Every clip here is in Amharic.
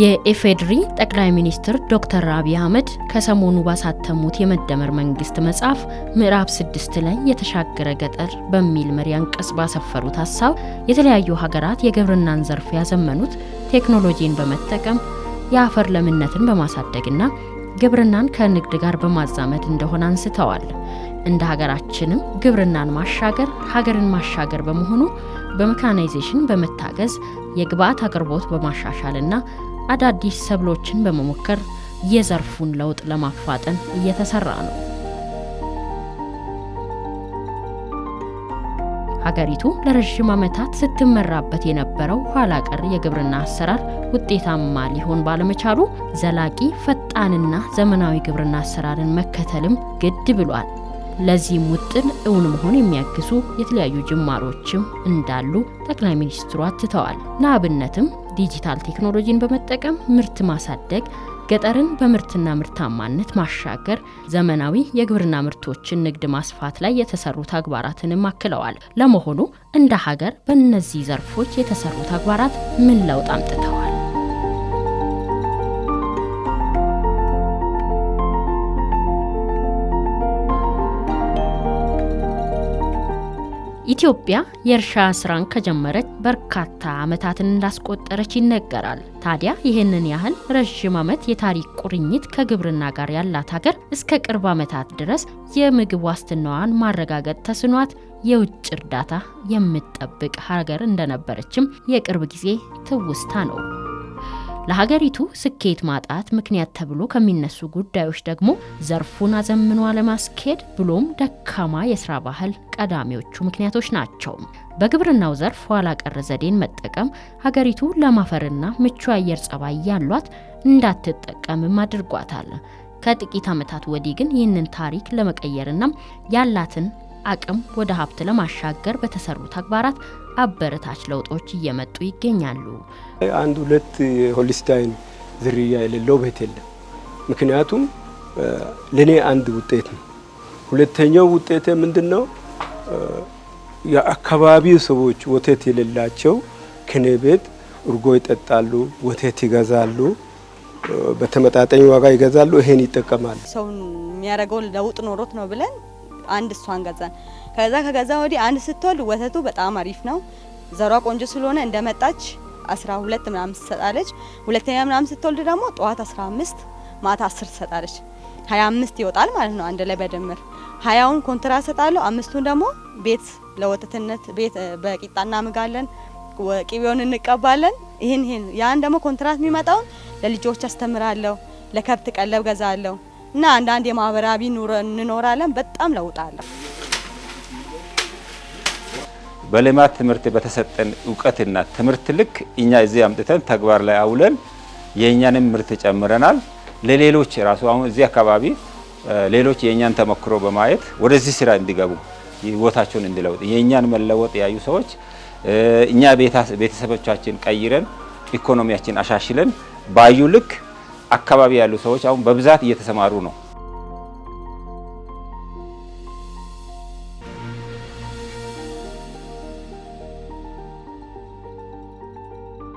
የኢፌዴሪ ጠቅላይ ሚኒስትር ዶክተር አብይ አህመድ ከሰሞኑ ባሳተሙት የመደመር መንግስት መጽሐፍ ምዕራፍ ስድስት ላይ የተሻገረ ገጠር በሚል መሪ አንቀጽ ባሰፈሩት ሀሳብ የተለያዩ ሀገራት የግብርናን ዘርፍ ያዘመኑት ቴክኖሎጂን በመጠቀም የአፈር ለምነትን በማሳደግና ግብርናን ከንግድ ጋር በማዛመድ እንደሆነ አንስተዋል። እንደ ሀገራችንም ግብርናን ማሻገር ሀገርን ማሻገር በመሆኑ በሜካናይዜሽን በመታገዝ የግብአት አቅርቦት በማሻሻልና አዳዲስ ሰብሎችን በመሞከር የዘርፉን ለውጥ ለማፋጠን እየተሰራ ነው። ሀገሪቱ ለረዥም ዓመታት ስትመራበት የነበረው ኋላ ቀር የግብርና አሰራር ውጤታማ ሊሆን ባለመቻሉ ዘላቂ ፈጣንና ዘመናዊ ግብርና አሰራርን መከተልም ግድ ብሏል። ለዚህም ውጥን እውን መሆን የሚያግዙ የተለያዩ ጅማሮችም እንዳሉ ጠቅላይ ሚኒስትሩ አትተዋል። ለአብነትም ዲጂታል ቴክኖሎጂን በመጠቀም ምርት ማሳደግ፣ ገጠርን በምርትና ምርታማነት ማሻገር፣ ዘመናዊ የግብርና ምርቶችን ንግድ ማስፋት ላይ የተሰሩ ተግባራትንም አክለዋል። ለመሆኑ እንደ ሀገር በእነዚህ ዘርፎች የተሰሩ ተግባራት ምን ለውጥ አምጥተዋል? ኢትዮጵያ የእርሻ ስራን ከጀመረች በርካታ ዓመታትን እንዳስቆጠረች ይነገራል። ታዲያ ይህንን ያህል ረዥም ዓመት የታሪክ ቁርኝት ከግብርና ጋር ያላት ሀገር እስከ ቅርብ ዓመታት ድረስ የምግብ ዋስትናዋን ማረጋገጥ ተስኗት የውጭ እርዳታ የምትጠብቅ ሀገር እንደነበረችም የቅርብ ጊዜ ትውስታ ነው። ለሀገሪቱ ስኬት ማጣት ምክንያት ተብሎ ከሚነሱ ጉዳዮች ደግሞ ዘርፉን አዘምኖ አለማስኬድ ብሎም ደካማ የስራ ባህል ቀዳሚዎቹ ምክንያቶች ናቸው። በግብርናው ዘርፍ ኋላ ቀር ዘዴን መጠቀም ሀገሪቱ ለማፈርና ምቹ አየር ጸባይ ያሏት እንዳትጠቀምም አድርጓታል። ከጥቂት ዓመታት ወዲህ ግን ይህንን ታሪክ ለመቀየርና ያላትን አቅም ወደ ሀብት ለማሻገር በተሰሩ ተግባራት አበረታች ለውጦች እየመጡ ይገኛሉ። አንድ ሁለት የሆሊስታይን ዝርያ የሌለው ቤት የለም። ምክንያቱም ለእኔ አንድ ውጤት ነው። ሁለተኛው ውጤት ምንድን ነው? የአካባቢው ሰዎች ወተት የሌላቸው ከኔ ቤት እርጎ ይጠጣሉ፣ ወተት ይገዛሉ፣ በተመጣጣኝ ዋጋ ይገዛሉ፣ ይሄን ይጠቀማሉ። ሰውን የሚያደርገው ለውጥ ኖሮት ነው ብለን አንድ እሷን ገዛን። ከዛ ከገዛ ወዲህ አንድ ስትወልድ ወተቱ በጣም አሪፍ ነው። ዘሯ ቆንጆ ስለሆነ እንደመጣች 12 ምናምን ትሰጣለች። ሁለተኛ ምናምን ስትወልድ ደግሞ ጠዋት 15 ማታ 10 ትሰጣለች። 25 ይወጣል ማለት ነው አንድ ላይ በድምር ሀያውን ኮንትራ ሰጣለሁ። አምስቱን ደግሞ ቤት ለወተትነት ቤት በቂጣ እናምጋለን፣ ቅቤውን እንቀባለን። ይህን ይህን ያን ደግሞ ኮንትራት የሚመጣውን ለልጆች አስተምራለሁ፣ ለከብት ቀለብ ገዛለሁ። እና አንዳንድ የማህበራዊ ኑሮ እንኖራለን። በጣም ለውጣለሁ። በልማት ትምህርት በተሰጠን እውቀትና ትምህርት ልክ እኛ እዚህ አምጥተን ተግባር ላይ አውለን የእኛንም ምርት ጨምረናል። ለሌሎች ራሱ አሁን እዚህ አካባቢ ሌሎች የእኛን ተሞክሮ በማየት ወደዚህ ስራ እንዲገቡ ህይወታቸውን እንዲለውጥ የእኛን መለወጥ ያዩ ሰዎች እኛ ቤተሰቦቻችን ቀይረን ኢኮኖሚያችን አሻሽለን ባዩ ልክ አካባቢ ያሉ ሰዎች አሁን በብዛት እየተሰማሩ ነው።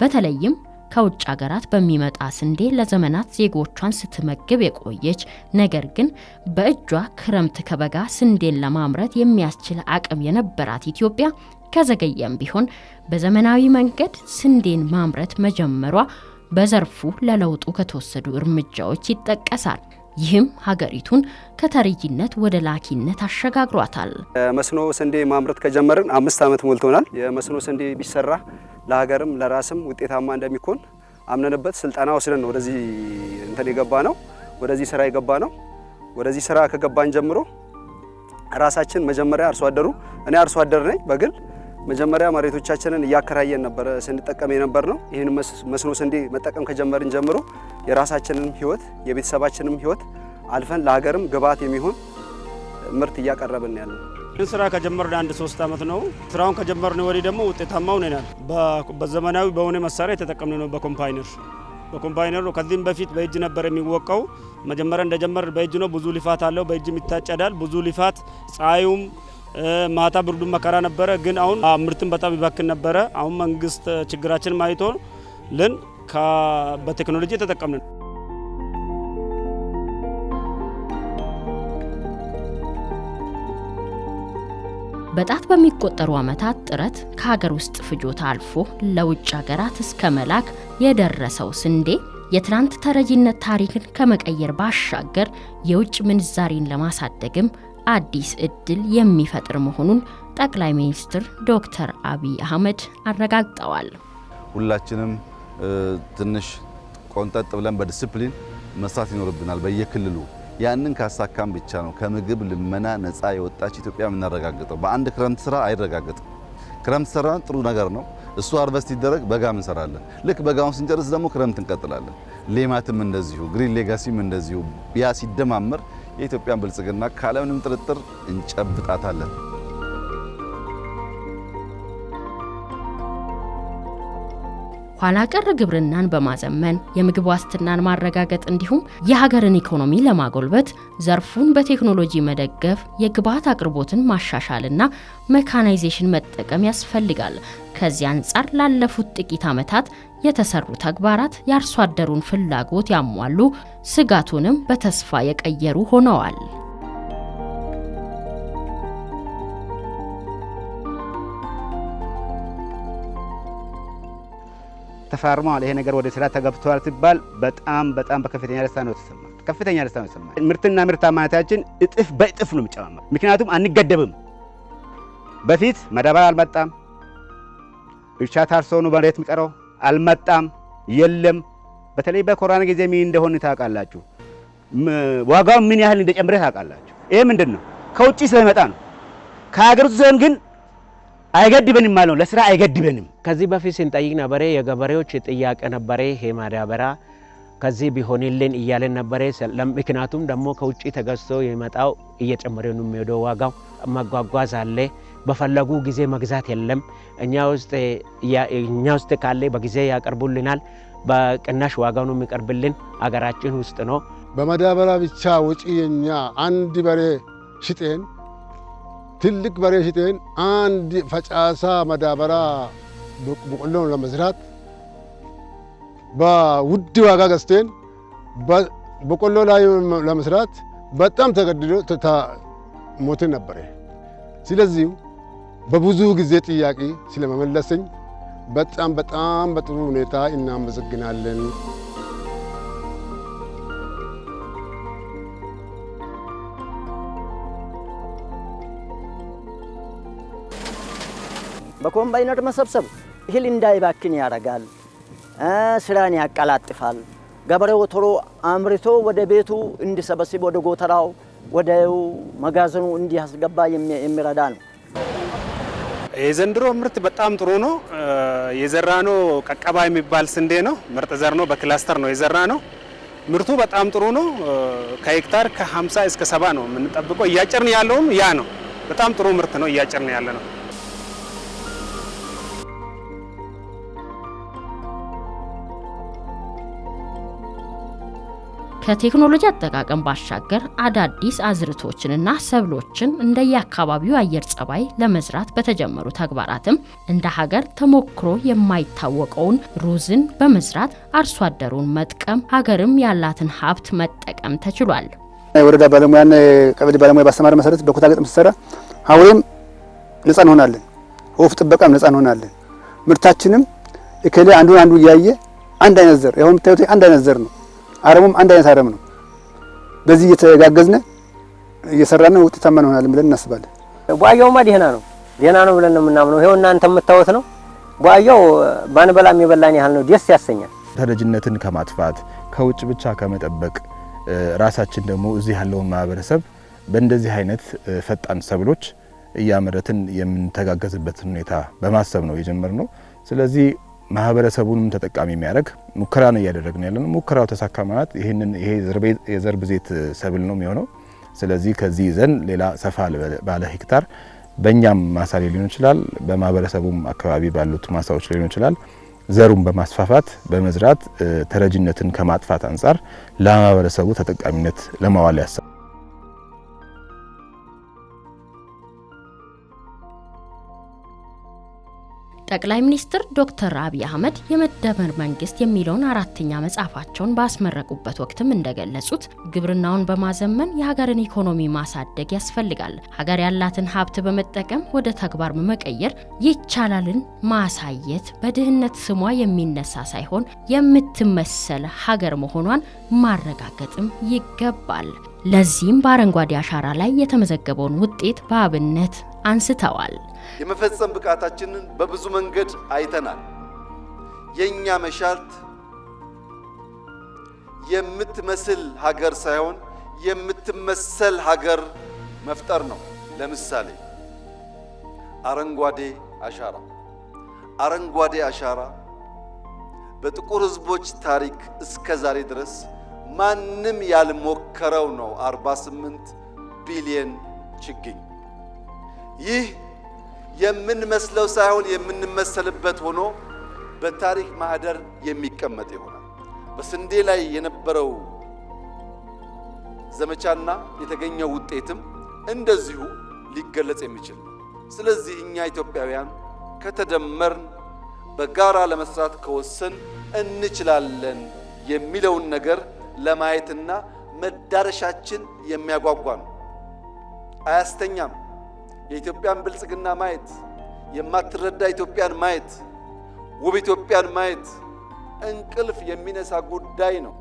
በተለይም ከውጭ ሀገራት በሚመጣ ስንዴ ለዘመናት ዜጎቿን ስትመግብ የቆየች ነገር ግን በእጇ ክረምት ከበጋ ስንዴን ለማምረት የሚያስችል አቅም የነበራት ኢትዮጵያ ከዘገየም ቢሆን በዘመናዊ መንገድ ስንዴን ማምረት መጀመሯ በዘርፉ ለለውጡ ከተወሰዱ እርምጃዎች ይጠቀሳል። ይህም ሀገሪቱን ከተረጂነት ወደ ላኪነት አሸጋግሯታል። መስኖ ስንዴ ማምረት ከጀመርን አምስት ዓመት ሞልቶናል። የመስኖ ስንዴ ቢሰራ ለሀገርም ለራስም ውጤታማ እንደሚኮን አምነንበት ስልጠና ወስደን ወደዚህ እንትን የገባ ነው ወደዚህ ስራ የገባ ነው። ወደዚህ ስራ ከገባን ጀምሮ ራሳችን መጀመሪያ አርሶ አደሩ እኔ አርሶ አደር ነኝ በግል መጀመሪያ መሬቶቻችንን እያከራየን ነበረ ስንጠቀም የነበር ነው። ይህን መስኖ ስንዴ መጠቀም ከጀመርን ጀምሮ የራሳችንም ህይወት የቤተሰባችንም ህይወት አልፈን ለሀገርም ግብዓት የሚሆን ምርት እያቀረብን ያለ ይህን ስራ ከጀመርን አንድ ሶስት ዓመት ነው። ስራውን ከጀመርን ወዲህ ደግሞ ውጤታማ ሆነናል። በዘመናዊ በሆነ መሳሪያ የተጠቀምን ነው። በኮምፓይነር በኮምፓይነር ነው። ከዚህም በፊት በእጅ ነበር የሚወቀው። መጀመሪያ እንደጀመር በእጅ ነው። ብዙ ልፋት አለው። በእጅም ይታጨዳል። ብዙ ልፋት ፀሐዩም ማታ ብርዱ መከራ ነበረ። ግን አሁን ምርትን በጣም ይባክን ነበረ። አሁን መንግስት ችግራችን ማይቶ ልን በቴክኖሎጂ ተጠቀምን። በጣት በሚቆጠሩ ዓመታት ጥረት ከሀገር ውስጥ ፍጆታ አልፎ ለውጭ ሀገራት እስከ መላክ የደረሰው ስንዴ የትናንት ተረጂነት ታሪክን ከመቀየር ባሻገር የውጭ ምንዛሪን ለማሳደግም አዲስ እድል የሚፈጥር መሆኑን ጠቅላይ ሚኒስትር ዶክተር አብይ አህመድ አረጋግጠዋል። ሁላችንም ትንሽ ቆንጠጥ ብለን በዲስፕሊን መስራት ይኖርብናል በየክልሉ ያንን ካሳካም ብቻ ነው ከምግብ ልመና ነፃ የወጣች ኢትዮጵያ የምናረጋግጠው። በአንድ ክረምት ስራ አይረጋግጥም። ክረምት ስራ ጥሩ ነገር ነው፣ እሱ አርቨስት ይደረግ፣ በጋም እንሰራለን። ልክ በጋውን ስንጨርስ ደግሞ ክረምት እንቀጥላለን። ሌማትም እንደዚሁ፣ ግሪን ሌጋሲም እንደዚሁ። ያ ሲደማመር የኢትዮጵያን ብልጽግና ካለምንም ጥርጥር እንጨብጣታለን። ኋላ ቀር ግብርናን በማዘመን የምግብ ዋስትናን ማረጋገጥ እንዲሁም የሀገርን ኢኮኖሚ ለማጎልበት ዘርፉን በቴክኖሎጂ መደገፍ፣ የግብዓት አቅርቦትን ማሻሻልና መካናይዜሽን መጠቀም ያስፈልጋል። ከዚህ አንጻር ላለፉት ጥቂት ዓመታት የተሰሩ ተግባራት የአርሶ አደሩን ፍላጎት ያሟሉ፣ ስጋቱንም በተስፋ የቀየሩ ሆነዋል። ተፈራርመዋል፣ ይሄ ነገር ወደ ስራ ተገብተዋል ሲባል በጣም በጣም በከፍተኛ ደስታ ነው ተሰማ፣ ከፍተኛ ደስታ ነው ተሰማ። ምርትና ምርታማነታችን እጥፍ በእጥፍ ነው የሚጨማመር። ምክንያቱም አንገደብም። በፊት መዳበር አልመጣም፣ እርሻ ታርሶ ነው መሬት የሚቀረው አልመጣም፣ የለም። በተለይ በኮሮና ጊዜ ምን እንደሆነ ታውቃላችሁ። ዋጋው ምን ያህል እንደጨምረ ታውቃላችሁ። ይሄ ምንድን ነው? ከውጭ ስለሚመጣ ነው። ከሀገር ውስጥ ግን አይገድበንም ማለት ነው። ለስራ አይገድበንም። ከዚህ በፊት ስንጠይቅ ነበረ፣ የገበሬዎች ጥያቄ ነበረ ይሄ ማዳበሪያ ከዚህ ቢሆንልን እያለን ነበረ። ምክንያቱም ደግሞ ከውጭ ተገዝቶ የመጣው እየጨመረ ነው የሚሄደው። ዋጋው መጓጓዝ አለ። በፈለጉ ጊዜ መግዛት የለም። እኛ ውስጥ እኛ ውስጥ ካለ በጊዜ ያቀርቡልናል። በቅናሽ ዋጋ ነው የሚቀርብልን። አገራችን ውስጥ ነው። በማዳበሪያ ብቻ ውጪ የኛ አንድ በሬ ሽጤን ትልቅ በሬ ሽጤን አንድ ፈጫሳ መዳበራ በቆሎ ለመዝራት በውድ ዋጋ ገዝቴን በቆሎ ላይ ለመስራት በጣም ተገድዶ ሞቴ ነበረ። ስለዚህ በብዙ ጊዜ ጥያቄ ስለመመለሰኝ በጣም በጣም በጥሩ ሁኔታ እናመሰግናለን። በኮምባይነር መሰብሰብ እህል እንዳይባክን ያደርጋል፣ ስራን ያቀላጥፋል። ገበሬው ቶሎ አምርቶ ወደ ቤቱ እንዲሰበስብ ወደ ጎተራው፣ ወደ መጋዘኑ እንዲያስገባ የሚረዳ ነው። የዘንድሮ ምርት በጣም ጥሩ ነው። የዘራ ነው ቀቀባ የሚባል ስንዴ ነው። ምርጥ ዘር ነው። በክላስተር ነው የዘራ ነው። ምርቱ በጣም ጥሩ ነው። ከሄክታር ከ50 እስከ ሰባ ነው የምንጠብቀው። እያጨርን ያለውም ያ ነው። በጣም ጥሩ ምርት ነው እያጨርን ያለ ነው። ከቴክኖሎጂ አጠቃቀም ባሻገር አዳዲስ አዝርቶችንና ሰብሎችን እንደየአካባቢው አየር ጸባይ ለመዝራት በተጀመሩ ተግባራትም እንደ ሀገር ተሞክሮ የማይታወቀውን ሩዝን በመዝራት አርሶ አደሩን መጥቀም ሀገርም ያላትን ሀብት መጠቀም ተችሏል። የወረዳ ባለሙያና የቀበሌ ባለሙያ ባስተማረ መሰረት በኩታ ገጠም ስትሰራ ሀውሬም ነጻ እንሆናለን፣ ወፍ ጥበቃም ነጻ እንሆናለን። ምርታችንም እከሌ አንዱን አንዱ እያየ አንድ አይነት ዘር ያሁን የምታዩት አንድ አይነት ዘር ነው አረሙም አንድ አይነት አረም ነው። በዚህ እየተጋገዝነ እየሰራነ ውጤታማ እንሆናለን ብለን እናስባለን። ቧያውማ ደህና ነው ደህና ነው ብለን ነው የምናምነው። ይኸው እናንተ የምታወት ነው። ቧያው ባንበላም የበላን ያህል ነው። ደስ ያሰኛል። ተረጅነትን ከማጥፋት ከውጭ ብቻ ከመጠበቅ ራሳችን ደግሞ እዚህ ያለውን ማህበረሰብ በእንደዚህ አይነት ፈጣን ሰብሎች እያመረትን የምንተጋገዝበትን ሁኔታ በማሰብ ነው የጀመርነው። ስለዚህ ማህበረሰቡንም ተጠቃሚ የሚያደርግ ሙከራ ነው እያደረግን ያለ ነው። ሙከራው ተሳካ ማለት ይህንን ይሄ የዘር ብዜት ሰብል ነው የሚሆነው። ስለዚህ ከዚህ ይዘን ሌላ ሰፋ ባለ ሄክታር በእኛም ማሳ ሊሆን ይችላል፣ በማህበረሰቡም አካባቢ ባሉት ማሳዎች ሊሆን ይችላል። ዘሩን በማስፋፋት በመዝራት ተረጅነትን ከማጥፋት አንጻር ለማህበረሰቡ ተጠቃሚነት ለማዋል ያሰብ ጠቅላይ ሚኒስትር ዶክተር አብይ አህመድ የመደመር መንግስት የሚለውን አራተኛ መጽሐፋቸውን ባስመረቁበት ወቅትም እንደገለጹት ግብርናውን በማዘመን የሀገርን ኢኮኖሚ ማሳደግ ያስፈልጋል፣ ሀገር ያላትን ሀብት በመጠቀም ወደ ተግባር መቀየር ይቻላልን ማሳየት በድህነት ስሟ የሚነሳ ሳይሆን የምትመሰል ሀገር መሆኗን ማረጋገጥም ይገባል። ለዚህም በአረንጓዴ አሻራ ላይ የተመዘገበውን ውጤት በአብነት አንስተዋል። የመፈጸም ብቃታችንን በብዙ መንገድ አይተናል። የእኛ መሻት የምትመስል ሀገር ሳይሆን የምትመሰል ሀገር መፍጠር ነው። ለምሳሌ አረንጓዴ አሻራ አረንጓዴ አሻራ በጥቁር ሕዝቦች ታሪክ እስከ ዛሬ ድረስ ማንም ያልሞከረው ነው 48 ቢሊየን ችግኝ። ይህ የምንመስለው ሳይሆን የምንመሰልበት ሆኖ በታሪክ ማህደር የሚቀመጥ ይሆናል። በስንዴ ላይ የነበረው ዘመቻና የተገኘው ውጤትም እንደዚሁ ሊገለጽ የሚችል ነው። ስለዚህ እኛ ኢትዮጵያውያን ከተደመርን በጋራ ለመስራት ከወሰን እንችላለን የሚለውን ነገር ለማየትና መዳረሻችን የሚያጓጓ ነው። አያስተኛም። የኢትዮጵያን ብልጽግና ማየት፣ የማትረዳ ኢትዮጵያን ማየት፣ ውብ ኢትዮጵያን ማየት እንቅልፍ የሚነሳ ጉዳይ ነው።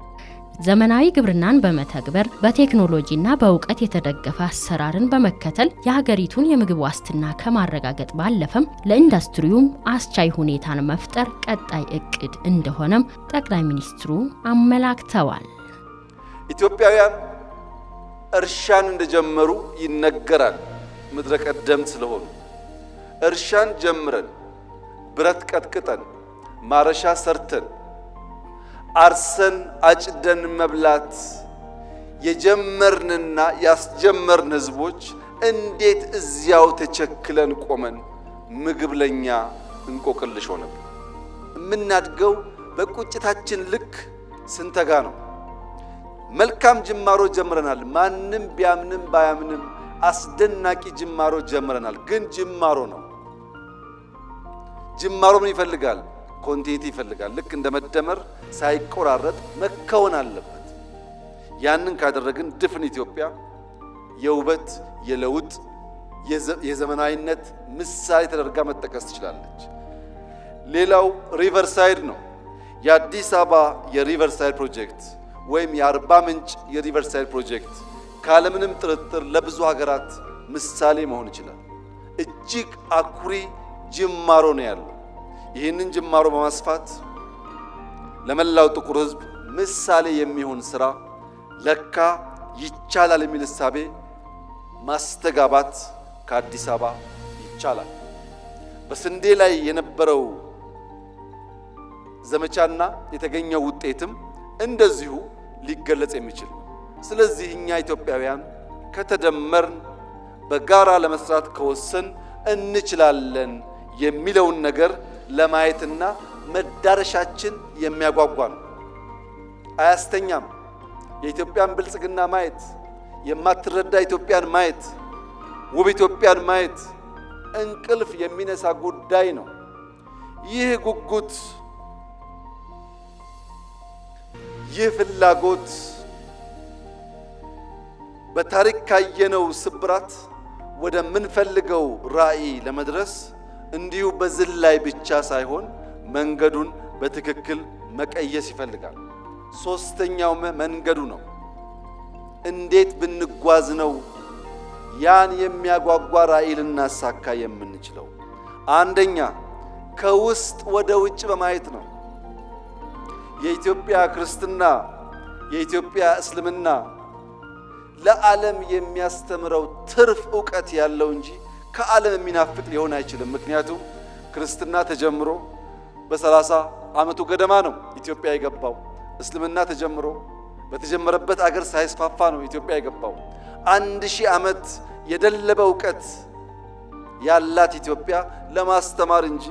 ዘመናዊ ግብርናን በመተግበር በቴክኖሎጂና በእውቀት የተደገፈ አሰራርን በመከተል የሀገሪቱን የምግብ ዋስትና ከማረጋገጥ ባለፈም ለኢንዱስትሪውም አስቻይ ሁኔታን መፍጠር ቀጣይ እቅድ እንደሆነም ጠቅላይ ሚኒስትሩ አመላክተዋል። ኢትዮጵያውያን እርሻን እንደጀመሩ ይነገራል። ምድረ ቀደም ስለሆኑ እርሻን ጀምረን ብረት ቀጥቅጠን ማረሻ ሰርተን አርሰን አጭደን መብላት የጀመርንና ያስጀመርን ህዝቦች እንዴት እዚያው ተቸክለን ቆመን ምግብ ለኛ እንቆቅልሽ ሆነብን? የምናድገው በቁጭታችን ልክ ስንተጋ ነው። መልካም ጅማሮ ጀምረናል። ማንም ቢያምንም ባያምንም አስደናቂ ጅማሮ ጀምረናል። ግን ጅማሮ ነው። ጅማሮ ምን ይፈልጋል? ኮንቲኒቲ ይፈልጋል። ልክ እንደ መደመር ሳይቆራረጥ መከወን አለበት። ያንን ካደረግን ድፍን ኢትዮጵያ የውበት፣ የለውጥ፣ የዘመናዊነት ምሳሌ ተደርጋ መጠቀስ ትችላለች። ሌላው ሪቨርሳይድ ነው። የአዲስ አበባ የሪቨርሳይድ ፕሮጀክት ወይም የአርባ ምንጭ የሪቨርሳይድ ፕሮጀክት ካለምንም ጥርጥር ለብዙ ሀገራት ምሳሌ መሆን ይችላል። እጅግ አኩሪ ጅማሮ ነው ያለው። ይህንን ጅማሮ በማስፋት ለመላው ጥቁር ሕዝብ ምሳሌ የሚሆን ስራ ለካ ይቻላል የሚል እሳቤ ማስተጋባት ከአዲስ አበባ ይቻላል። በስንዴ ላይ የነበረው ዘመቻና የተገኘው ውጤትም እንደዚሁ ሊገለጽ የሚችል ስለዚህ እኛ ኢትዮጵያውያን ከተደመርን በጋራ ለመስራት ከወሰን እንችላለን የሚለውን ነገር ለማየትና መዳረሻችን የሚያጓጓ ነው። አያስተኛም። የኢትዮጵያን ብልጽግና ማየት፣ የማትረዳ ኢትዮጵያን ማየት፣ ውብ ኢትዮጵያን ማየት እንቅልፍ የሚነሳ ጉዳይ ነው። ይህ ጉጉት ይህ ፍላጎት በታሪክ ካየነው ስብራት ወደ ምንፈልገው ራዕይ ለመድረስ እንዲሁ በዝል ላይ ብቻ ሳይሆን መንገዱን በትክክል መቀየስ ይፈልጋል። ሶስተኛው መንገዱ ነው። እንዴት ብንጓዝ ነው ያን የሚያጓጓ ራዕይ ልናሳካ የምንችለው? አንደኛ ከውስጥ ወደ ውጭ በማየት ነው። የኢትዮጵያ ክርስትና፣ የኢትዮጵያ እስልምና ለዓለም የሚያስተምረው ትርፍ እውቀት ያለው እንጂ ከዓለም የሚናፍቅ ሊሆን አይችልም። ምክንያቱም ክርስትና ተጀምሮ በሰላሳ ዓመቱ ገደማ ነው ኢትዮጵያ የገባው። እስልምና ተጀምሮ በተጀመረበት አገር ሳይስፋፋ ነው ኢትዮጵያ የገባው። አንድ ሺህ ዓመት የደለበ እውቀት ያላት ኢትዮጵያ ለማስተማር እንጂ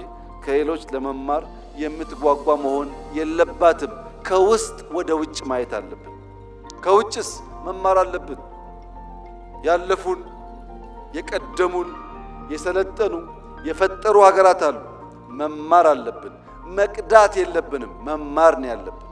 ከሌሎች ለመማር የምትጓጓ መሆን የለባትም። ከውስጥ ወደ ውጭ ማየት አለብን። ከውጭስ መማር አለብን። ያለፉን፣ የቀደሙን፣ የሰለጠኑ የፈጠሩ ሀገራት አሉ። መማር አለብን። መቅዳት የለብንም። መማር ነው ያለብን።